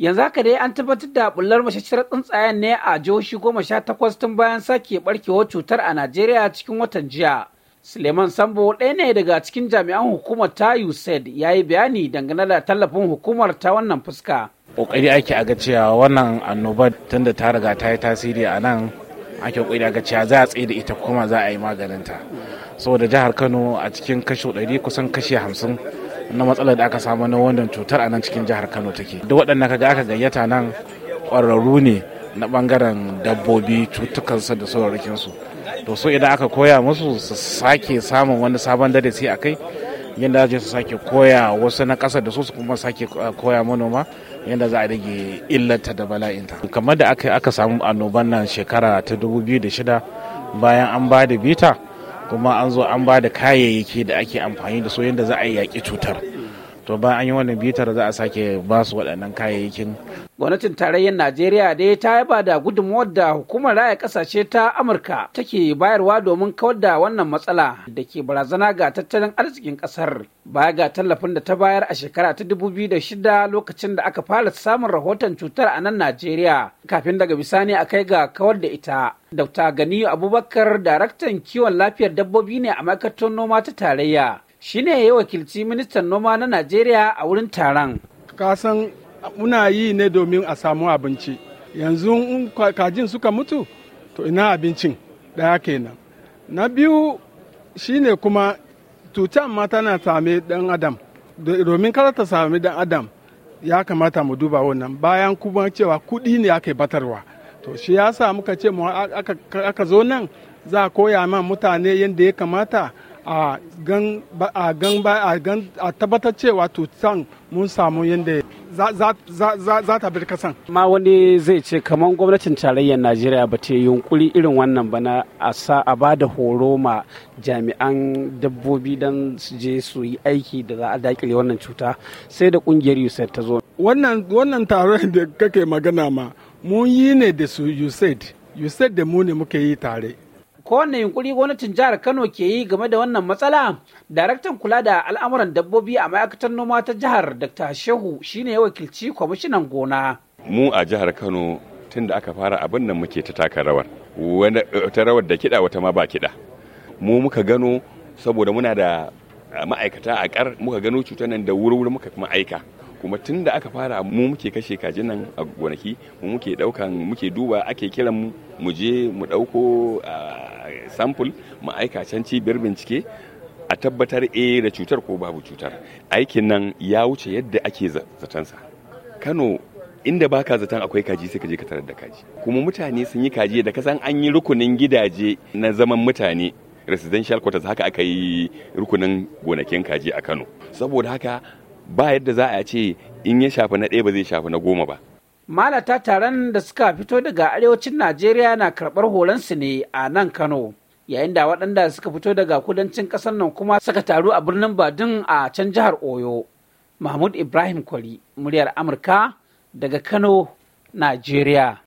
yanzu haka dai an tabbatar da bullar mashashar tsuntsayen ne a jihohi goma sha takwas tun bayan sake barkewar cutar a najeriya cikin watan jiya suleiman sambo ɗaya ne daga cikin jami'an hukumar ta usaid ya yi bayani dangane da tallafin hukumar ta wannan fuska kokari ake aga cewa wannan annobar tunda ta riga ta yi tasiri a nan ake kokari aga cewa za a tsaye da ita kuma za a yi maganinta saboda jihar kano a cikin kashi ɗari kusan kashi hamsin. na matsalar da aka samu na wannan cutar a nan cikin jihar kano take duk waɗannan kaga aka gayyata nan ƙwararru ne na ɓangaren dabbobi cutukansu da su to so idan aka koya musu su sake samun wani sabon darasi a kai yadda za su sake koya wasu na ƙasa da su kuma sake eh, koya manoma yadda za a rage illata da bala'inta kamar da aka samu annoban nan shekara ta 2006 bayan an ba da bita kuma an zo an ba da kayayyaki da ake amfani da su yadda za a yaƙi cutar to ba an yi wannan bitar za a sake ba su waɗannan kayayyakin gwamnatin tarayyar najeriya dai ta yaba da gudunmuwar da hukumar raya kasashe ta amurka take bayarwa domin kawar da wannan matsala da ke barazana ga tattalin arzikin kasar baya ga tallafin da ta bayar a shekara ta dubu biyu da shida lokacin da aka fara samun rahoton cutar a nan najeriya kafin daga bisani a kai ga kawar da ita dr ganiyu abubakar daraktan kiwon lafiyar dabbobi ne a ma'aikatar noma ta tarayya shine ya wakilci ministan noma na Najeriya a wurin taron. Kasan muna yi ne domin a samu abinci. Yanzu kajin suka mutu, to ina abincin ɗaya kenan. Na biyu shine kuma tutan mata na same ɗan adam. Domin kada ta sami ɗan adam ya kamata mu duba wannan bayan kuma cewa kuɗi ne aka batarwa. To shi ya sa muka ce mu aka zo nan za a koya ma mutane yadda ya kamata a a tabbatar cewa tutan mun samu yadda za ta bir kasan. Ma wani zai ce kamar gwamnatin tarayyar Najeriya ba ta yunkuri irin wannan ba na a a ba da horo ma jami'an dabbobi don su je su yi aiki da za a dakile wannan cuta sai da kungiyar USAID ta zo. Wannan taron da kake magana ma mun yi ne da su USAID. USAID da mu ne muka yi tare. kowane yunkuri gwamnatin jihar kano ke yi game da wannan matsala daraktan kula da al'amuran dabbobi a ma'aikatar noma ta jihar dr shehu shine ya wakilci kwamishinan gona mu a jihar kano tun da aka fara abin nan muke ta taka rawar wata rawar da kiɗa wata ma ba kiɗa mu muka gano saboda muna da ma'aikata a kar muka gano cutar nan da wuri muka kuma aika kuma tun da aka fara mu muke kashe kajin nan a gonaki mu muke daukan muke duba ake kiran mu mu je mu dauko ah, sample mu aika can cibiyar bincike a tabbatar eh da cutar ko babu cutar aikin nan ya wuce yadda ake zatansa kano inda baka zaton akwai kaji sai ka je ka tarar da kaji kuma mutane sun yi kaji da kasan an yi rukunin gidaje na zaman mutane residential quarters haka aka yi rukunin gonakin kaji a kano saboda haka ba yadda za a ce in ya shafi na ɗaya ba zai shafi na goma ba malata taron da suka fito daga arewacin najeriya na karɓar horonsu ne a nan kano yayin da waɗanda suka fito daga kudancin ƙasar nan kuma suka taru a birnin badin a can jihar oyo mahmud ibrahim kwari muryar amurka daga kano najeriya